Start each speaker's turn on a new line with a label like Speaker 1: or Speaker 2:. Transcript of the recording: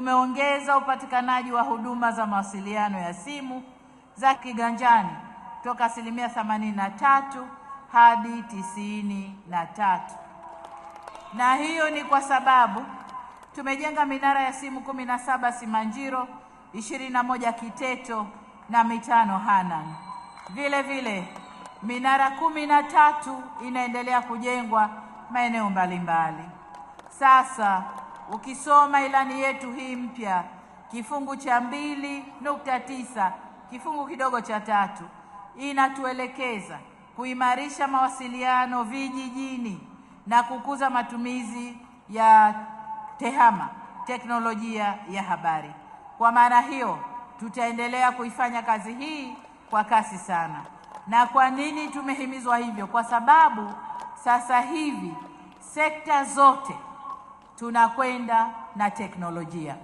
Speaker 1: Tumeongeza upatikanaji wa huduma za mawasiliano ya simu za kiganjani toka asilimia 83 hadi 93, na hiyo ni kwa sababu tumejenga minara ya simu 17 Simanjiro, 21 Kiteto na mitano Hanang. Vile vile minara kumi na tatu inaendelea kujengwa maeneo mbalimbali. Sasa Ukisoma ilani yetu hii mpya kifungu cha mbili nukta tisa kifungu kidogo cha tatu inatuelekeza kuimarisha mawasiliano vijijini na kukuza matumizi ya tehama, teknolojia ya habari. Kwa maana hiyo, tutaendelea kuifanya kazi hii kwa kasi sana. Na kwa nini tumehimizwa hivyo? Kwa sababu sasa hivi sekta zote tunakwenda na teknolojia.